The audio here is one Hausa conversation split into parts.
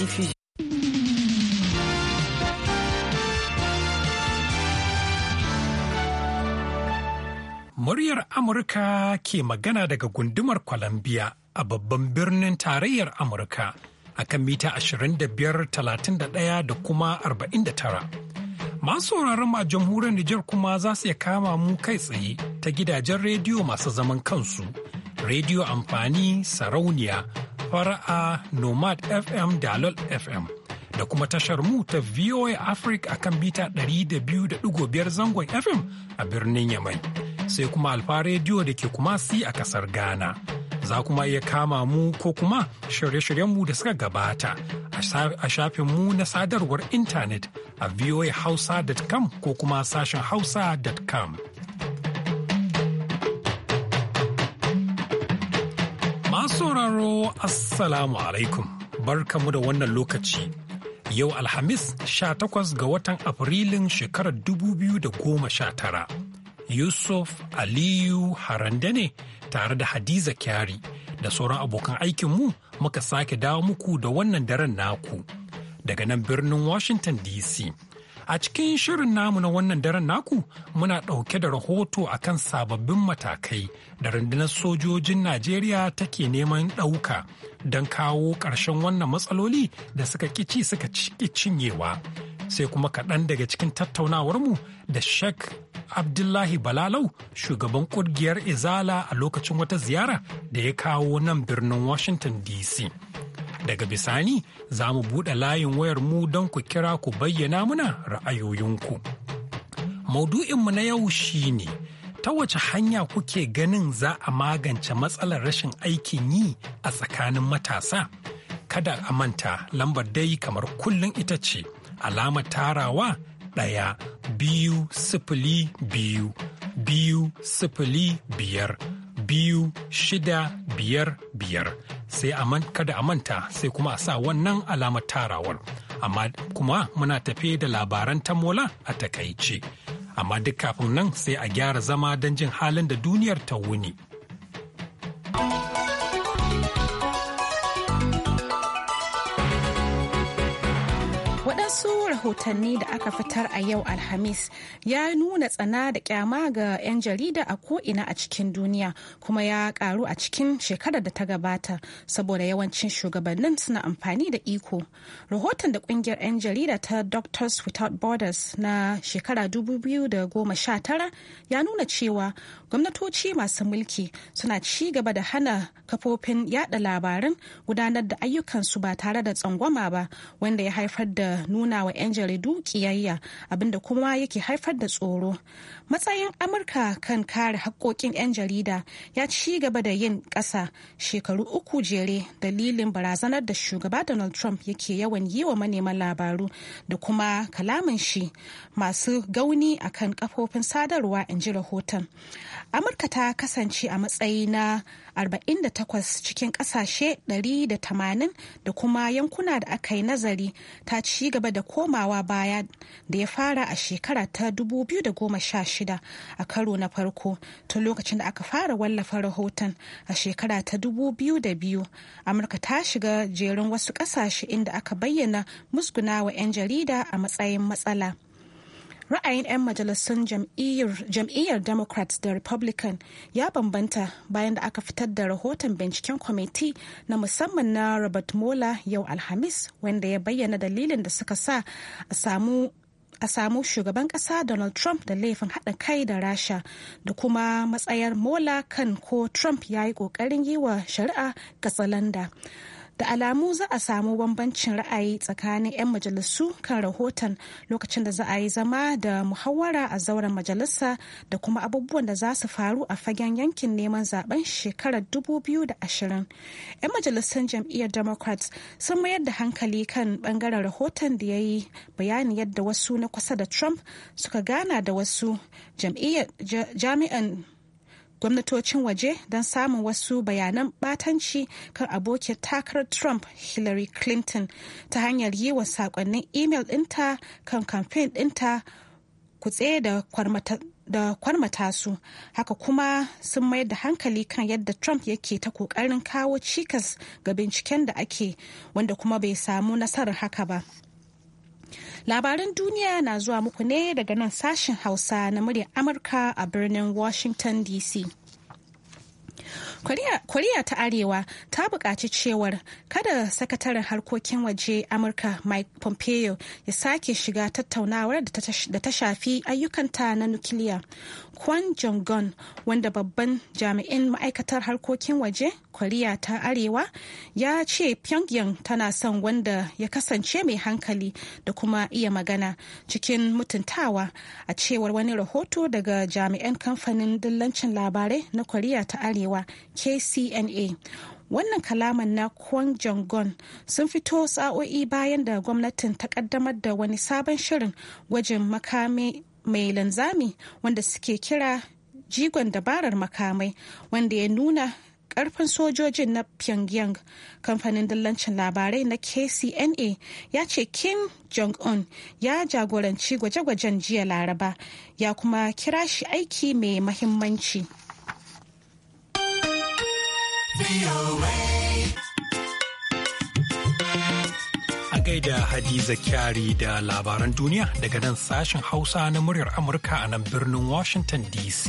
diffusion. Muryar Amurka ke magana daga gundumar Kwalambiya a babban birnin tarayyar Amurka a kan mita 25,31 da kuma 49. Masu sauraron ma jamhuriyar Nijar kuma za su iya kama mu kai tsaye ta gidajen rediyo masu zaman kansu, rediyo amfani sarauniya fara'a nomad fm da lol fm da kuma tashar mu ta voa africa kan bita 200.5 zangon fm a birnin yamai sai kuma alfa rediyo da ke kuma si a kasar ghana za kuma iya kama mu ko kuma shirye-shiryenmu da suka gabata a shafin mu na sadarwar intanet a voahausa.com ko kuma sashen hausa.com Masu sauraro Assalamu alaikum barkamu da wannan lokaci. Yau Alhamis sha takwas ga watan Afrilun shekarar dubu biyu da goma sha tara. Yusuf Aliyu Harande ne tare da Hadiza Kyari da sauran abokan aikinmu muka sake dawo muku da wannan daren naku daga nan birnin Washington DC. A cikin shirin namu na wannan daren naku muna ɗauke da rahoto akan sababbin matakai da rundunar sojojin Najeriya take neman ɗauka don kawo ƙarshen wannan matsaloli da suka kici suka cinyewa. Sai kuma kaɗan daga cikin tattaunawarmu da Sheikh Abdullahi Balalau shugaban ƙungiyar Izala a lokacin wata ziyara da ya kawo nan birnin Washington DC. Daga bisani za mu buɗe layin wayar mu don ku kira ku bayyana muna ra'ayoyinku. Maudu'inmu na yau shi ne, ta wace hanya kuke ganin za a magance matsalar rashin aikin yi a tsakanin matasa? Kada a manta lambar dai kamar kullum ita ce, alamar tarawa ɗaya biyu sifili biyu biyu sifili biyar. biyu shida biyar biyar sai kada a manta sai kuma a sa wannan alamar tarawar amma kuma muna tafe da labaran tamola a takaice amma duk kafin nan sai a gyara zama don jin halin da duniyar ta wuni. wasu rahotanni da aka fitar a yau alhamis ya nuna tsana da kyama ga 'yan jarida a ko'ina a cikin duniya kuma ya karu a cikin shekarar da ta gabata saboda yawancin shugabannin suna amfani da iko rahoton da kungiyar 'yan jarida ta doctors without borders na shekara 2019 ya nuna cewa gwamnatoci masu mulki suna ci gaba da hana kafofin yada labarin gudanar da ayyukansu ba tare da tsangwama ba wanda ya haifar da nuna nuna wa 'yan jaridu kiyayya abinda kuma yake haifar da tsoro matsayin amurka kan kare haƙƙoƙin 'yan jarida ya ci gaba da yin ƙasa shekaru uku jere dalilin barazanar da shugaba donald trump yake yawan yi wa manema labaru da kuma kalamin shi masu gauni akan kafofin sadarwa in ji rahoton amurka ta kasance a matsayi na 48 cikin kasashe 180 da kuma yankuna da aka yi nazari ta ci gaba da komawa baya da ya fara a shekara ta 2016 a karo na farko tun lokacin da aka fara wallafa rahoton a shekara ta 2002 amurka ta shiga jerin wasu kasashe inda aka bayyana musgunawa 'yan jarida a matsayin matsala. ra'ayin 'yan majalisun jam'iyyar democrats da republican ya bambanta bayan da aka fitar da rahoton binciken kwamiti na musamman na robert mola yau alhamis wanda ya bayyana dalilin da suka sa a samu a samu shugaban kasa donald trump da laifin haɗa kai da rasha da kuma matsayar mola kan ko trump ya yi ƙoƙarin yi wa shari'a katsalanda da alamu za a samu bambancin ra'ayi tsakanin 'yan majalisu kan rahoton lokacin da za a yi zama da muhawara a zauren majalisa da kuma abubuwan da za su faru a fagen yankin neman zaben shekarar 2020 'yan majalisun jam'iyyar democrats sun mayar da hankali kan bangaren rahoton da ya yi bayani yadda wasu na kusa da trump suka gana da wasu jami'an gwamnatocin waje don samun wasu bayanan batanci kan abokin takarar Trump Hillary Clinton ta hanyar yi wa sakonnin imel dinta kan kamfen dinta kutse da kwarmata da kwarmata su haka kuma sun mayar da hankali kan yadda trump yake ta kokarin kawo cikas ga binciken da ake wanda kuma bai samu nasarar haka ba Labaran duniya na zuwa muku ne daga nan sashen Hausa na muryar Amurka a birnin Washington DC. Koriya ta Arewa ta buƙaci cewar kada sakataren harkokin waje Amurka Mike Pompeo ya sake shiga tattaunawar da ta shafi ayyukanta na nukiliya Kwan Jong-un wanda babban jami'in ma'aikatar harkokin waje Koriya ta Arewa ya ce Pyongyang tana son wanda ya kasance mai hankali da kuma iya magana cikin mutuntawa a cewar wani rahoto daga jami'an kamfanin dillancin labarai na Koriya ta Arewa KCNA. wannan kalaman na Kwon Jong-un sun fito sa'o'i bayan da gwamnatin ta kaddamar da wani sabon shirin gwajin makami mai linzami wanda suke kira jigon dabarar makamai wanda ya nuna karfin sojojin na pyongyang kamfanin dillancin labarai na kcna ya ce kim jong-un ya jagoranci gwaje-gwajen jiya laraba ya kuma kira shi aiki mai mahimmanci. da Hadiza Kyari da labaran duniya daga nan sashen Hausa na muryar Amurka a nan birnin Washington DC.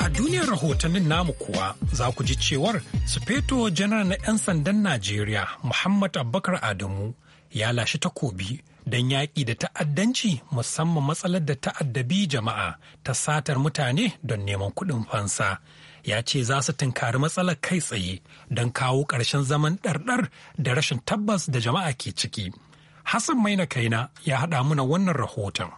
A duniyar rahotannin namu kuwa za ku ji cewar Sufeto janar na 'yan sandan Najeriya Muhammad Abubakar Adamu ya lashe takobi don yaƙi da ta'addanci musamman matsalar da ta'addabi jama'a ta satar mutane don neman kuɗin fansa. ya ce za su tunkari matsalar kai tsaye don kawo ƙarshen zaman ɗarɗar da rashin tabbas da jama'a ke ciki. Hassan Maina Kaina ya haɗa muna wannan rahoton.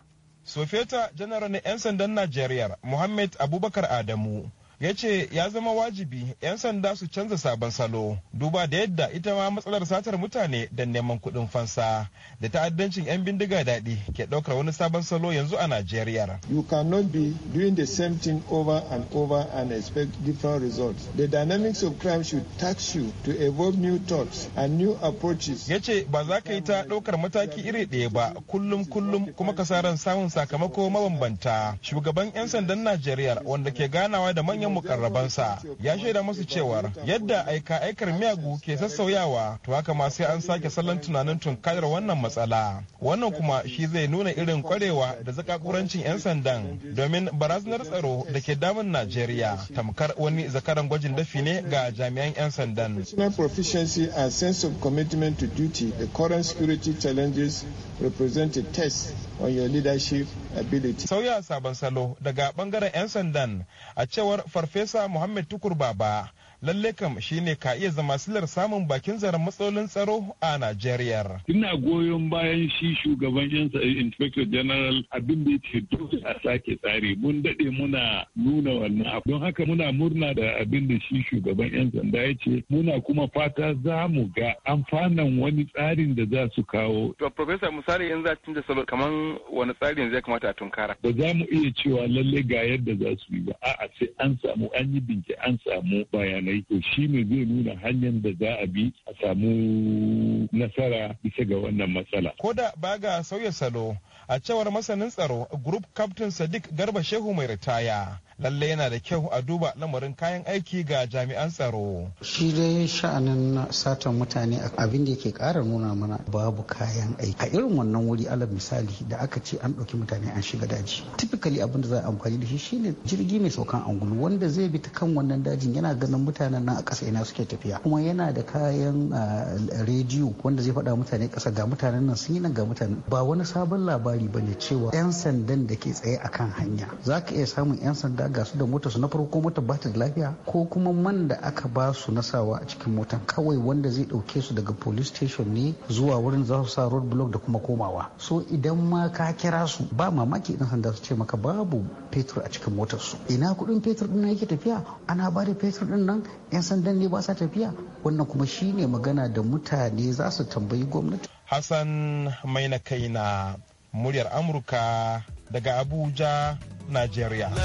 Sofeta janar na 'yan sandan Najeriya Muhammad Abubakar Adamu ya ce ya zama wajibi 'yan sanda su canza sabon salo duba da yadda ita ma matsalar satar mutane da neman kudin fansa da ta'addancin 'yan bindiga daɗi ke ɗaukar wani sabon salo yanzu a najeriya you cannot be doing the same thing over and over and expect different results the dynamics of crime should tax you to evolve new thoughts and new approaches ya ce ba za ka yi ta ɗaukar mataki iri ɗaya ba kullum kullum kuma ka ran samun sakamako mabambanta shugaban 'yan sandan najeriya wanda ke ganawa da manyan manyan mukarrabansa ya shaida masu cewar yadda aika aikar miyagu ke sassauyawa to haka ma sai an sake salon tunanin tunkarar wannan matsala wannan kuma shi zai nuna irin kwarewa da zakakurancin 'yan sandan domin barazanar tsaro da ke damun najeriya tamkar wani zakaran gwajin dafi ne ga jami'an 'yan sandan proficiency and sense of commitment to duty the current security challenges represent a test on your leadership ability. Sauya sabon salo daga bangaren 'yan sandan a cewar Farfesa Muhammad Tukur Baba lalle kam shine ka iya zama silar samun bakin zaren matsalolin tsaro a Najeriya. Ina goyon bayan shi shugaban yan eh, Inspector General abin da yake dole a sake tsari mun dade muna nuna wannan don haka muna murna da abin da shi shugaban yan sanda ya ce muna kuma fata za mu ga amfanan wani tsarin da za su kawo. To Professor misali yan za da salo kaman wani tsarin zai kamata a tunkara. Ba za mu iya cewa lalle ga yadda za su yi ba a'a sai an samu an yi bincike an samu bayan bayanai to ne zai nuna hanyar da za a bi a samu nasara bisa ga wannan matsala. Ko da ba ga sauya salo a cewar masanin tsaro Group Captain Sadiq Garba Shehu mai ritaya. lalle yana da kyau a duba lamarin kayan aiki ga jami'an tsaro shi dai sha'anin satan mutane abin da yake kara nuna mana babu kayan aiki a irin wannan wuri alal misali da aka ce an ɗauki mutane an shiga daji Tipikali abin da za a amfani da shi shine jirgi mai saukan angulu wanda zai bi ta kan wannan dajin yana ganin mutanen nan a ƙasa ina suke tafiya kuma yana da kayan ah, rediyo wanda zai faɗa mutane ƙasa ga mutanen nan sun yi nan ga mutanen ba wani sabon labari bane cewa 'yan sandan da ke tsaye akan hanya za ka iya samun 'yan sanda ga su da motar su na farko motar ba ta da lafiya ko kuma man da aka ba su na a cikin motar kawai wanda zai dauke su daga police station ne zuwa wurin za su sa road block da kuma komawa so idan ma ka kira su ba mamaki idan sanda su ce maka babu fetur a cikin motar su ina kudin fetur din yake tafiya ana ba da fetur din nan yan sandan ne ba sa tafiya wannan kuma shine magana da mutane za su tambayi gwamnati Hassan Maina Kaina muryar Amurka daga Abuja, Najeriya. ta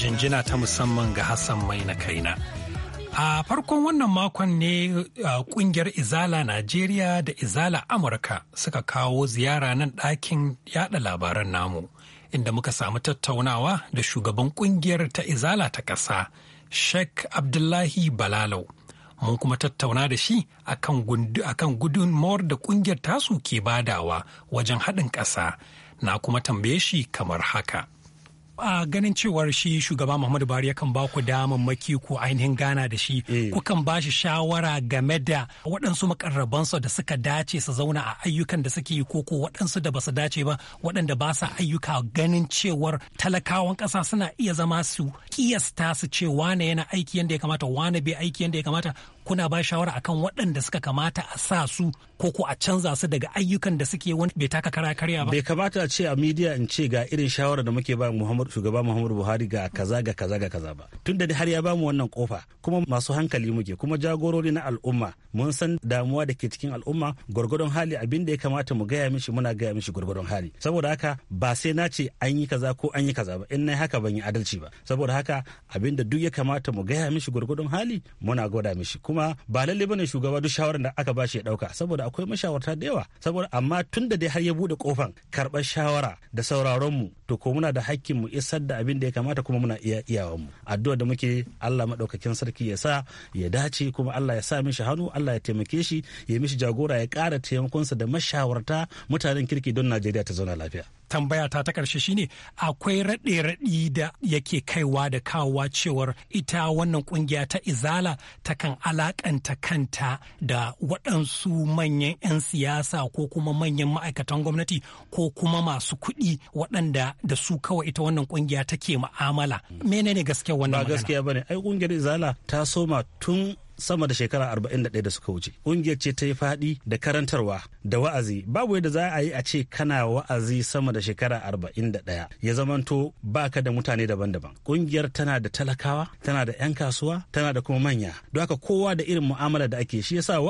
Jinjina ta musamman ga Hassan Mai na kaina. A farkon wannan makon ne kungiyar Izala Najeriya da Izala Amurka suka kawo ziyara nan ɗakin yada labaran namu, inda muka samu tattaunawa da shugaban kungiyar ta Izala ta ƙasa, Sheikh Abdullahi Balalau. mun kuma tattauna da shi akan gudunmawar da kungiyar tasu ke badawa wajen haɗin ƙasa na kuma tambaye shi kamar haka. a ganin cewar shi shugaba Muhammadu Buhari yakan ba ku maki ko ainihin gana da shi eh. kukan ba shi shawara game da waɗansu makarrabansa da suka dace su zauna a ayyukan da suke yi koko waɗansu da basu dace ba waɗanda ba sa ayyuka ganin cewar talakawan ƙasa suna iya zama su kiyasta su ce wane yana aiki yadda ya kamata wane bai aiki yadda ya kamata kuna ba shawara akan waɗanda suka kamata a sa su ko ko a canza su daga ayyukan da suke wani bai taka kara karya ba bai kamata a ce a midiya in ce ga irin shawara da muke ba Muhammadu shugaba Muhammadu Buhari ga kaza ga kaza ga kaza ba tun da har ya ba mu wannan kofa kuma masu hankali muke kuma jagorori na al'umma mun san damuwa da ke cikin al'umma gwargwadon hali abin da ya kamata mu gaya mishi muna gaya mishi gwargwadon hali saboda haka ba sai na ce an yi kaza ko an yi kaza ba in na haka ban yi adalci ba saboda haka abin da duk ya kamata mu gaya mishi gwargwadon hali muna gwada mishi kuma ba lalle bane shugaba duk shawarar da aka bashi ya dauka saboda akwai mashawarta da yawa saboda amma tun da dai har ya bude kofan karɓar shawara da sauraron mu to ko muna da hakkin mu isar da abin da ya kamata kuma muna iya iyawan mu addu'a da muke Allah madaukakin sarki ya sa ya dace kuma Allah ya sa mishi hannu Allah ya taimake shi ya mishi jagora ya kara taimakon sa da mashawarta mutanen kirki don Najeriya ta zauna lafiya. tambaya ta ta karshe shine akwai raɗe-raɗi da yake kaiwa da kawowa cewar ita wannan kungiya ta izala ta kan alakanta kanta da waɗansu manyan 'yan siyasa ko kuma manyan ma'aikatan gwamnati ko kuma masu kuɗi waɗanda da su kawai ita wannan kungiya take mu'amala menene gaskiya wannan ba gaskiya bane ai kungiyar izala ta soma tun sama da shekara arba'in da da suka wuce ƙungiyar ce ta yi faɗi da karantarwa da wa'azi babu yadda za a yi a ce kana wa'azi sama da shekara arba'in da ɗaya ya zamanto ba ka da mutane daban-daban ƙungiyar tana da talakawa tana da 'yan kasuwa tana da kuma manya don haka kowa da irin mu'amala da ake shi yasa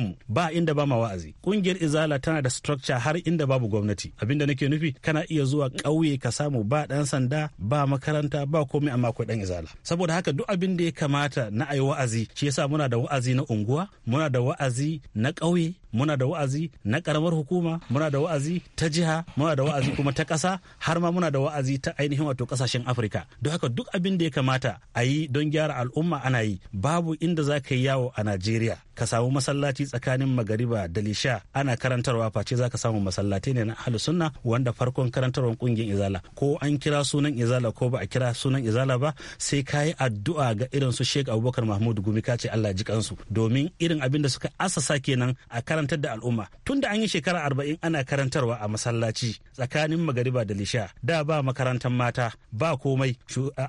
mu ba inda ba ma wa'azi ƙungiyar izala tana da structure har inda babu gwamnati abin abinda nake nufi kana iya zuwa ƙauye ka samu ba ɗan sanda ba makaranta ba komai amma akwai ɗan izala saboda haka duk abin da ya kamata na ayi wa'azi shi yasa muna da wa'azi na unguwa muna da wa'azi na ƙauye muna da wa'azi na karamar hukuma muna da wa'azi ta jiha muna da wa'azi kuma ta ƙasa har ma muna da wa'azi ta ainihin wato ƙasashen afirka don haka duk abin da ya kamata a yi don gyara al'umma ana yi babu inda za ka yi yawo a najeriya ka samu masallaci tsakanin magariba da lisha ana karantarwa face za ka samu masallaci ne na ahlus sunna wanda farkon karantarwar kungiyar izala ko an kira sunan izala ko ba a kira sunan izala ba sai ka yi addu'a ga irin su sheik abubakar mahmud gumi ka ce allah ji kansu domin irin abin da suka asasa kenan a karan karantar da al'umma tun da an yi shekara arba'in ana karantarwa a masallaci tsakanin magariba da lisha da ba makarantar mata ba komai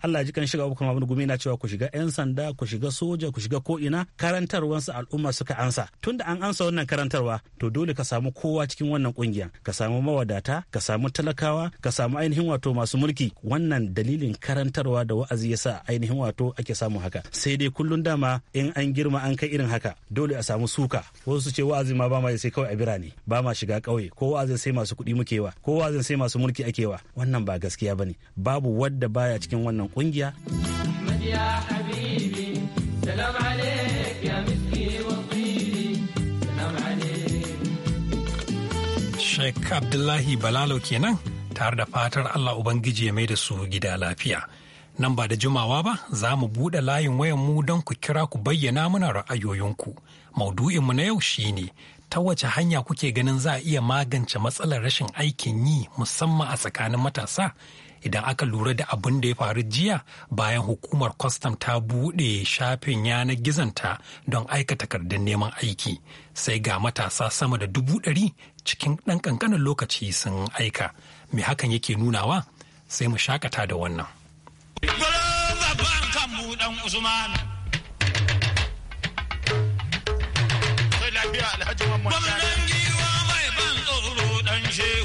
Allah ji kan shiga uku mamun gumi na cewa ku shiga yan sanda ku shiga soja ku shiga ko'ina karantarwansu al'umma suka ansa tunda an ansa wannan karantarwa to dole ka samu kowa cikin wannan kungiya ka samu mawadata ka samu talakawa ka samu ainihin wato masu mulki wannan dalilin karantarwa da wa'azi ya sa ainihin wato ake samu haka sai dai kullum dama in an girma an kai irin haka dole a samu suka wasu ce wa'azi ma ma ba ma sai kawai a birane ba ma shiga ƙauye ko wa'azin sai masu kuɗi muke wa ko wa'azin sai masu mulki ake wa wannan ba gaskiya bane babu wadda baya cikin wannan kungiya Sheikh Abdullahi Balalo kenan tare da fatar Allah Ubangiji ya mai da su gida lafiya. Nan ba da jimawa ba za mu buɗe layin wayan mu don ku kira ku bayyana mana ra'ayoyinku. Maudu'inmu na yau shi ne ta wace hanya kuke ganin za a iya magance matsalar rashin aikin yi musamman a tsakanin matasa idan aka lura da abin da ya faru jiya bayan hukumar kwastam ta buɗe shafin yanar gizonta don aika takardun neman aiki sai ga matasa sama da dubu ɗari cikin ɗan ƙanƙanin lokaci sun aika me hakan yake nunawa sai mu shakata da wannan. Usman. alhaji mamman gwamnan giwa mai ban tsoro dan shehu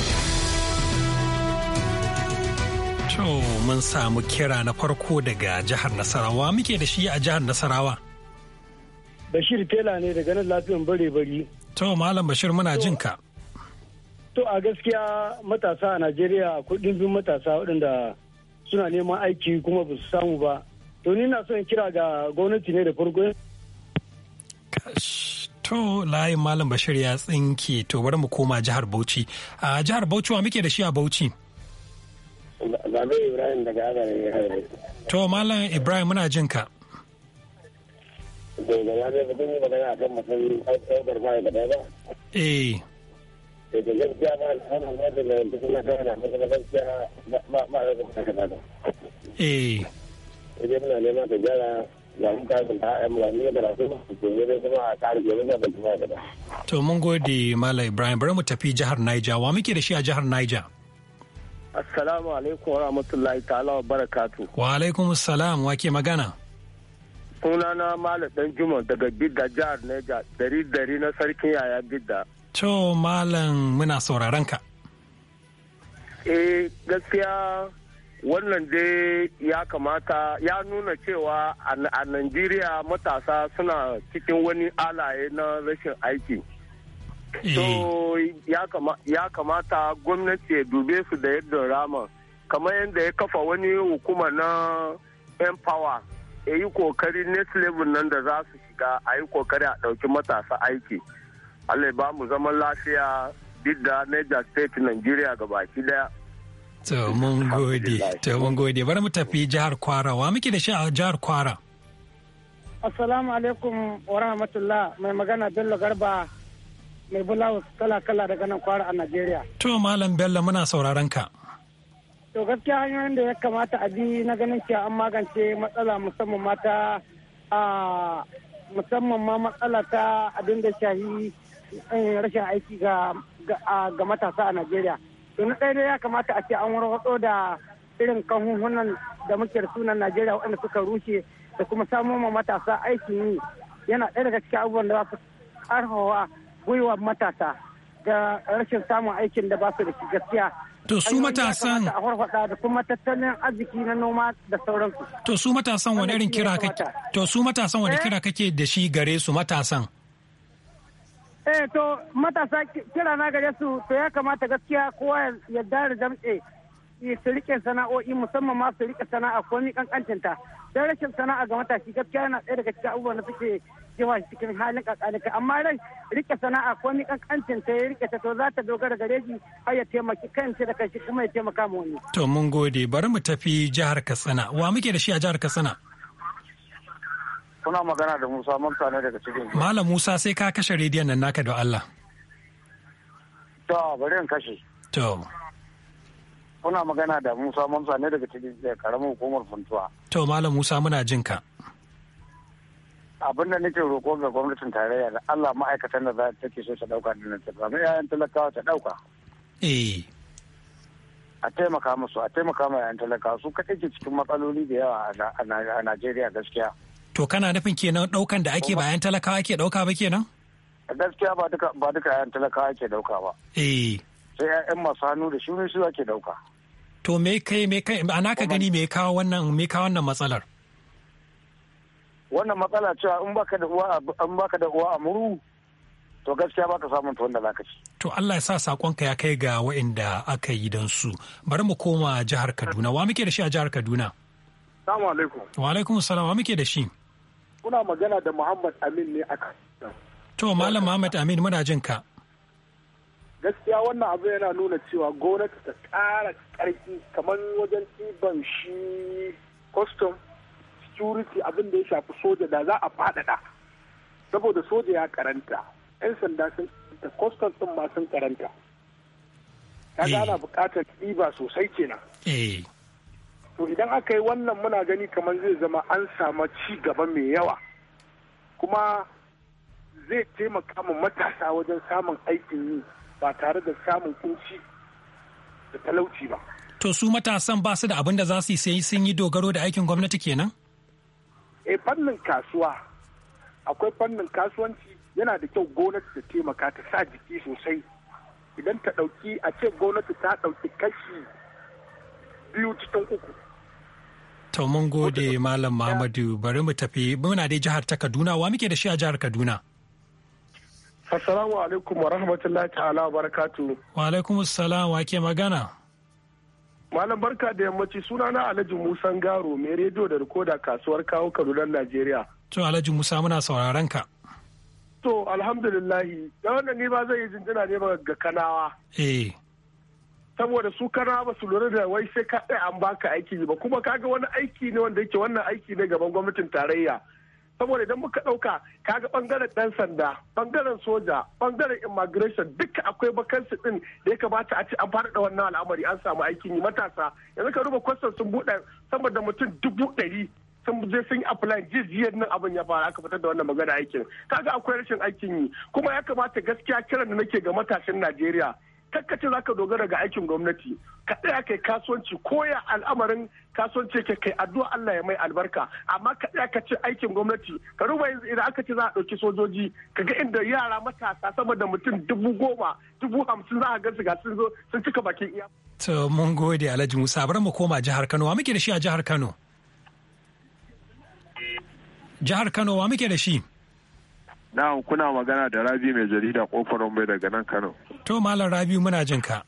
To mun samu kira na farko daga jihar Nasarawa muke da shi a jihar Nasarawa. Bashir Tela ne daga nan lafiyan bare bari. To Malam Bashir muna jin ka. To a gaskiya matasa a Najeriya kudin bin matasa waɗanda suna neman aiki kuma ba su samu ba. To ni na son kira ga gwamnati ne da farko. To layin Malam Bashir ya tsinke to bari mu koma jihar Bauchi. A jihar Bauchi wa muke da shi a Bauchi? Ibrahim daga To Malam Ibrahim muna jin ka. da gode Malam Ibrahim bari mu tafi jihar Niger wa muke da shi a jihar Niger. Assalamu alaikum wa rahmatullahi ta'ala wa barakatu. Wa alaikum salam wa ke magana? Sunana Malam Dan Juma daga Bidda jihar Neja, dari dari na sarkin yaya Bidda. To Malam muna sauraron ka. Eh gaskiya wannan dai ya kamata ya nuna cewa a Najeriya matasa suna cikin wani alaye na rashin aiki. to eh. ya kamata gwamnati ya dube su da yadda rama kamar yadda ya kafa wani hukuma na empower ya yi kokari next level nan da za su shiga a yi kokari a ɗauki matasa aiki. Allah ba mu zaman lafiya duk da State Nigeria ga baki daya. To mun gode, to mun gode. Bari mu tafi jihar Kwara. Wa muke da shi a jihar Kwara? Assalamu alaikum wa rahmatullah. Mai magana Bello Garba mai bulawa kala-kala daga nan kwara a Najeriya. To Malam Bello muna sauraron ka. To gaskiya hanyoyin da ya kamata a bi na ganin cewa an magance matsala musamman mata a musamman ma matsala ta abin da shahi eh, rashin aiki ga ga matasa a Najeriya. To na ɗaya ya kamata a ce an warwatsa da irin kahuhunan da muke da sunan Najeriya waɗanda suka rushe da kuma samun matasa aikin yi yana ɗaya daga cikin abubuwan da za su ƙarfafa gwiwa matasa da rashin samun aikin da ba su da gaskiya To su matasan da kuma tattalin arziki na noma da sauransu. To su matasan wani irin kira kake To su matasan wani eh? kira kake da shi gare su matasan? Eh to matasa kira na gare su to ya kamata gaskiya kowa ya da jam'e eh, su rike sana'o'i musamman ma su rike sana'a ko ni kankancinta. Dan rashin sana'a ga matashi gaskiya yana ɗaya daga cikin abubuwan da suke jewa cikin halin kakalika amma rai rike sana'a ko ni kankancin ta ya rike ta to za ta dogara gare shi har ya taimaki kanta da kanshi kuma ya taimaka ma wani. To mun gode bari mu tafi jihar Katsina wa muke da shi a jihar Katsina. Kuna magana da Musa Mamsa ne daga cikin. Malam Musa sai ka kashe rediyon nan naka da Allah. To bari in kashe. To. Kuna magana da Musa Mamsa ne daga cikin karamin hukumar Funtuwa. To Malam Musa muna jin ka. abin da nake roƙo ga gwamnatin tarayya da Allah ma'aikatan da za ta ke so ta ɗauka da nan ta samu yayan talakawa ta ɗauka. Eh. A taimaka musu a taimaka ma yayan talakawa su kaɗai ke cikin matsaloli da yawa a Najeriya gaskiya. To kana nufin kenan ɗaukan da ake ba yayan talakawa ake ɗauka ba kenan? Gaskiya ba duka ba duka yayan talakawa ake ɗauka ba. Eh. Sai yayan masu hannu da shuni su ake ɗauka. To me kai me kai ana ka gani me kawo wannan me kawo wannan matsalar? wannan matsala cewa in baka da uwa in baka da uwa a muru to gaskiya baka samun ta wanda zaka ci to Allah ya sa sakonka ya kai ga waɗanda aka yi don su bari mu koma jihar Kaduna wa muke da shi a jihar Kaduna Assalamu alaikum wa alaikum assalam wa muke da shi kuna magana da Muhammad Amin ne aka to malam Muhammad Amin muna jin ka gaskiya wannan abu yana nuna cewa gonar ta ƙara ƙarfi kamar wajen ɗiban shi custom security abin da ya shafi soja da za a faɗaɗa saboda soja ya karanta 'yan sanda sun da customs ɗin ma sun karanta ta eh. ana bukatar ɗiba sosai kenan eh. to idan aka yi wannan muna gani kamar zai zama an samu ci gaba mai yawa kuma zai taimaka mu matasa wajen samun aikin yi ba tare da samun kunci da talauci ba. To su matasan ba su da abin da za su yi sai sun yi dogaro da aikin gwamnati kenan? eh fannin kasuwa akwai fannin kasuwanci yana da kyau gwamnati ta taimaka ta sa jiki sosai idan ta ɗauki a ce gwamnati ta ɗauki kashi biyu cikin uku to mun gode malam muhammadu bari mu tafi muna dai jihar ta kaduna wa muke da shi a jihar kaduna assalamu alaikum wa rahmatullahi ta'ala wa barakatu wa alaikum assalam wa ke magana Malam barka da yammaci suna na Alhaji Musa Garo mai rediyo da rikoda kasuwar kawo Kaduna Najeriya. To Alhaji Musa muna sauraron ka. To alhamdulillahi da wannan ni ba zai yi jinjina ne ga kanawa. Eh. Saboda su kanawa ba su lura da wai sai ka an baka aiki ba kuma kaga wani aiki ne wanda yake wannan aiki ne gaban gwamnatin tarayya. saboda idan muka ɗauka kaga bangaren ɗan sanda bangaren soja bangaren immigration duka akwai bakansu din da ya kamata a ce an fara da wannan al'amari an samu aikin yi matasa yanzu ka ruba kwastan sun buɗe sama da mutum dubu ɗari sun je sun yi apply jijiyar nan abin ya fara aka fitar da wannan magana aikin kaga akwai rashin aikin yi kuma ya kamata gaskiya kiran da nake ga matashin najeriya kakkace za ka dogara ga aikin gwamnati ka tsaya kai kasuwanci koya al'amarin kasuwanci ke kai addu'a Allah ya mai albarka amma ka tsaya ka ce aikin gwamnati ka ruba yanzu idan aka ce za a ɗauki sojoji ka ga inda yara matasa sama da mutum dubu goma dubu hamsin za a ga su ga sun zo sun cika bakin iya. to mun gode alhaji musa bari mu koma jihar kano wa muke da shi a jihar kano. jihar kano wa muke da shi. na kuna magana da rabi mai jarida kofar mai daga nan kano to malam rabi muna jin ka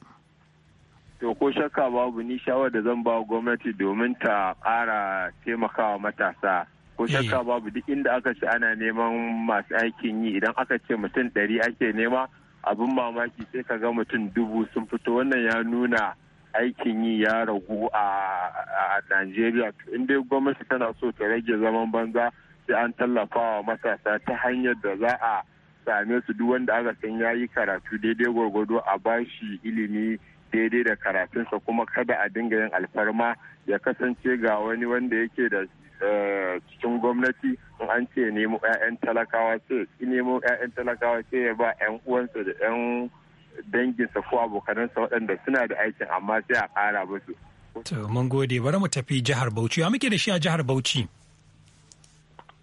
to ko shakka babu ni shawar da zan ba gwamnati domin ta ƙara taimakawa matasa ko eh. shakka babu duk inda aka ce ana neman masu aikin yi idan aka ce mutum ɗari ake nema abin mamaki sai ka ga mutum dubu sun fito wannan ya nuna aikin yi ya ragu a Najeriya in dai gwamnati tana so ta rage zaman banza sai an tallafawa matasa ta hanyar da za a same su duk wanda aka san ya yi karatu daidai gwargwado a ba shi ilimi daidai da karatunsa kuma kada a dinga yin alfarma ya kasance ga wani wanda yake da eh, cikin gwamnati in an ce nemo 'ya'yan talakawa sai nemo 'ya'yan talakawa sai ya ba 'yan uwansa da 'yan danginsa ko abokanansa waɗanda suna da aikin amma sai a ƙara musu. To, mun gode, bari mu tafi jihar Bauchi. Ya muke da shi a jihar Bauchi?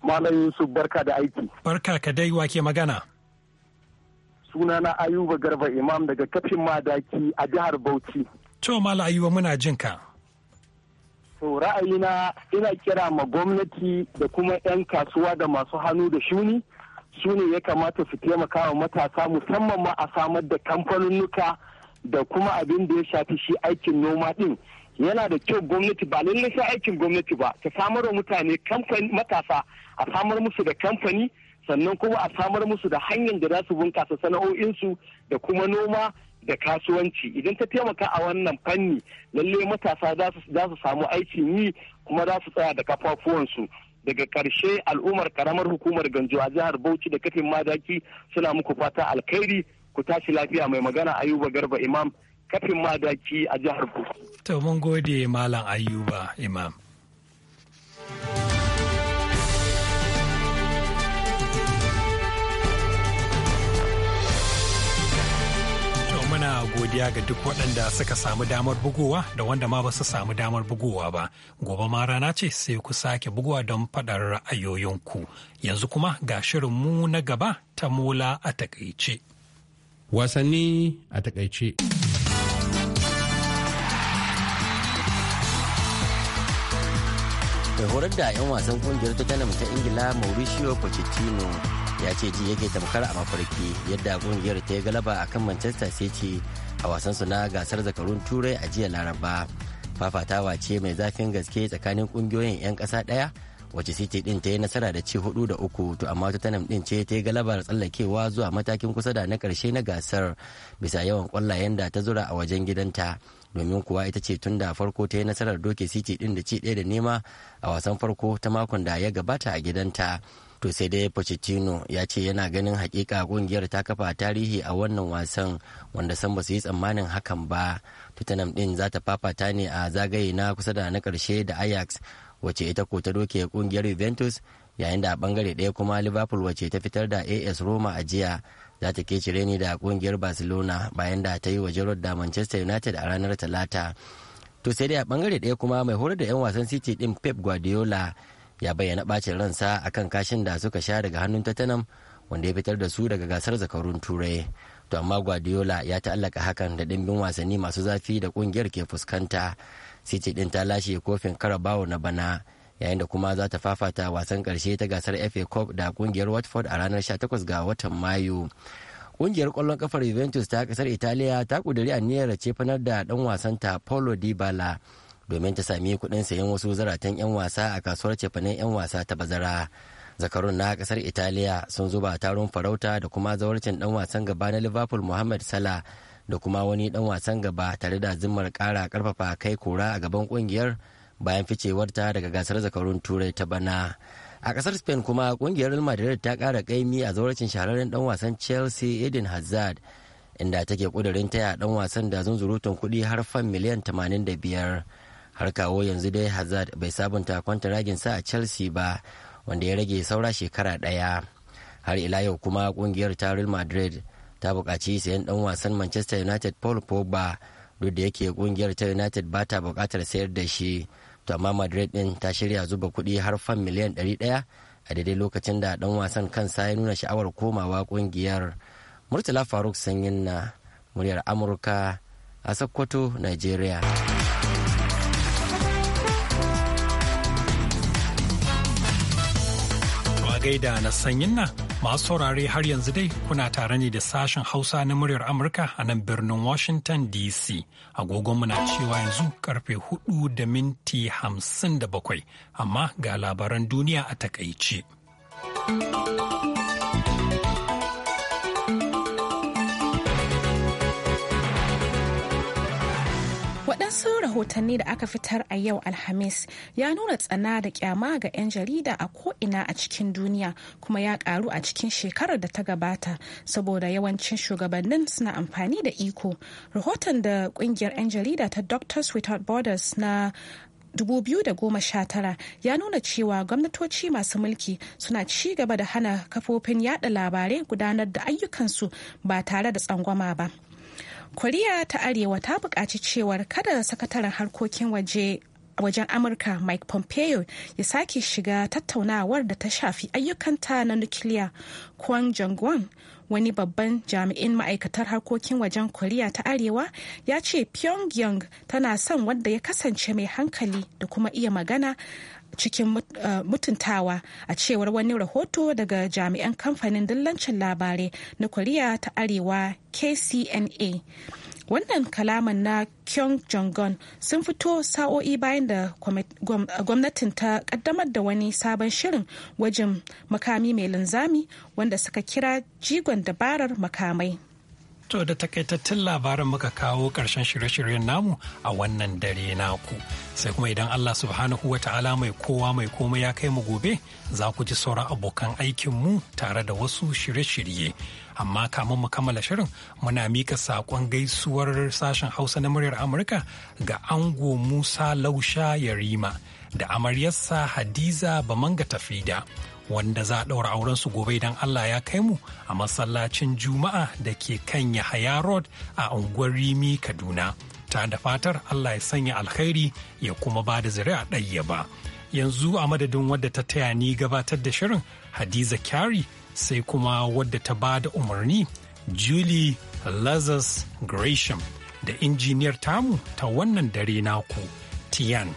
Malam Yusuf barka da aiki. Barka ka dai wake magana. Sunana Ayuba Garba Imam daga kafin madaki a jihar Bauchi. To Malam Ayuba muna jin ka. To ra'ayina ina kira ma gwamnati da kuma 'yan kasuwa da masu hannu da shuni su ne ya kamata su taimaka wa matasa musamman ma a samar da kamfanunnuka da kuma abin da ya shafi shi aikin noma din. yana da kyau gwamnati ba lallai sai aikin gwamnati ba ta samar wa mutane matasa a samar musu da kamfani sannan kuma a samar musu da hanyar da za su bunkasa sana'o'insu da kuma noma da kasuwanci idan ta taimaka a wannan fanni lallai matasa za su samu aikin yi kuma za su tsaya da kafafuwansu daga karshe al'ummar karamar hukumar ganjo a jihar bauchi da kafin madaki suna muku fata alkhairi ku tashi lafiya mai magana ayuba garba imam kafin madaki a jihar Bauchi. To mun gode Malam Ayuba Imam. muna godiya ga duk waɗanda suka samu damar bugowa da wanda ma ba su samu damar bugowa ba gobe ma rana ce sai ku sake bugowa don faɗar ra'ayoyinku yanzu kuma ga shirin mu na gaba ta mola a takaice wasanni a takaice mai horar da 'yan wasan kungiyar tottenham ta ingila mauricio pochettino ya ce ji yake tamkar a mafarki yadda kungiyar ta yi galaba a kan manchester city a wasansu na gasar zakarun turai a jiya laraba fafatawa ce mai zafin gaske tsakanin kungiyoyin 'yan kasa daya wacce city din ta yi nasara da ci hudu da uku to amma tanam din ce ta yi galaba galabar tsallakewa zuwa matakin kusa da na karshe na gasar bisa yawan kwallayen da ta zura a wajen gidanta domin kuwa ita ce tun da farko ta yi nasarar doke city din da ci ɗaya da nema a wasan farko ta makon da ya gabata a gidanta to sai dai pochettino ya ce yana ganin hakika kungiyar ta kafa tarihi a wannan wasan wanda san ba su yi tsammanin hakan ba tottenham din za ta fafata ne a zagaye na kusa da na karshe da ajax wacce ita ko ta doke kungiyar juventus yayin da a bangare ɗaya kuma liverpool wacce ta fitar da as roma a jiya za ta cire ni da kungiyar barcelona bayan da ta yi wa gerard da manchester united a ranar talata to sai dai a bangare daya kuma mai horar da 'yan wasan city din pep guardiola ya bayyana bacin ransa akan kashin da suka sha daga hannun tottenham wanda ya fitar da su daga gasar zakarun turai to amma guardiola ya ta'allaka hakan da dimbin wasanni masu zafi da kungiyar ke fuskanta city din ta lashe kofin karabawo na bana yayin da kuma za ta fafata wasan karshe ta gasar fa cup da kungiyar watford a ranar 18 ga watan mayu kungiyar kwallon kafar juventus ta kasar italiya ta kuduri aniyar cefanar da dan wasanta paulo dybala domin ta sami kuɗin sayan wasu zaratan 'yan wasa a kasuwar cefanen 'yan wasa ta bazara zakarun na ƙasar italiya sun zuba taron farauta da kuma zawarcin dan wasan gaba na liverpool mohamed salah da kuma wani ɗan wasan gaba tare da zimmar kara karfafa kai kura a gaban ƙungiyar. bayan ficewarta daga gasar zakarun turai ta bana a kasar spain kuma kungiyar real madrid ta kara kaimi a zauracin shahararren dan wasan chelsea eden hazard inda take kudirin taya dan wasan da zunzurutun kudi har fan miliyan 85 har kawo yanzu dai hazard bai sabunta kwanta sa a chelsea ba wanda ya rage saura shekara daya har ila yau kuma kungiyar ta real madrid ta bukaci sayan dan wasan manchester united paul pogba duk da yake kungiyar ta united ba ta bukatar sayar da shi to amma madrid din ta shirya zuba kuɗi har fan miliyan 100 a daidai lokacin da dan wasan kansa ya nuna sha'awar komawa kungiyar murtala faruk sanyin na muryar amurka a sokoto nigeria gaida na sanyin na Masu saurare har yanzu dai kuna tare ne da sashen Hausa na muryar Amurka a nan birnin Washington DC. agogon muna cewa yanzu karfe hudu da minti hamsin da bakwai, amma ga labaran duniya a takaice. waɗansu rahotanni da aka fitar a yau alhamis ya nuna tsana da kyama ga 'yan jarida a ko'ina a cikin duniya kuma ya karu a cikin shekarar da ta gabata saboda yawancin shugabannin suna amfani da iko rahoton da kungiyar 'yan jarida ta doctors without borders na 2019 ya nuna cewa gwamnatoci masu mulki suna ci gaba da hana kafofin yada labarai gudanar da ayyukansu ba tare da tsangwama ba. koriya ta arewa ta buƙaci cewar kada sakataren harkokin waje wajen amurka mike pompeo ya sake shiga tattaunawar da ta shafi ayyukanta na nukiliya kwang jong wani babban jami'in ma'aikatar harkokin wajen koriya ta arewa ya ce pyongyang tana son wanda ya kasance mai hankali da kuma iya magana cikin ah, mutuntawa a cewar wani rahoto daga jami'an kamfanin dillancin labarai na koriya ta arewa kcna wannan kalaman na kyung jong sun fito sa'o'i bayan da gwamnatin ta kaddamar da wani sabon shirin wajen makami mai linzami wanda suka kira jigon dabarar makamai To da takaitattun labaran muka kawo ƙarshen shirye-shiryen namu a wannan dare naku. Sai kuma idan Allah subhanahu wa ta'ala mai kowa mai komai ya kai mu gobe za ku ji sauran abokan aikinmu tare da wasu shirye-shirye. Amma kamun mu kammala shirin muna mika saƙon gaisuwar sashen Hausa na muryar Amurka ga ango Musa Lausha Yarima da amaryarsa Hadiza Bamanga Tafida. wanda za a ɗaura auren su gobe idan Allah ya kai mu a masallacin Juma'a da ke kan Yahaya Road a unguwar Rimi Kaduna. Ta da fatar Allah ya sanya alkhairi ya kuma ba da zuri'a ɗayya ba. Yanzu a madadin wadda ta taya ni gabatar da shirin Hadiza Kyari sai kuma wadda ta ba da umarni Julie Lazarus Gresham da injiniyar tamu ta wannan dare naku Tian.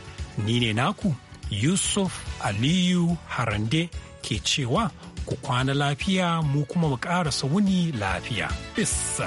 Ni ne naku Yusuf Aliyu Harande ke cewa ku kwana lafiya mu kuma mu ƙarasa wuni lafiya. Bis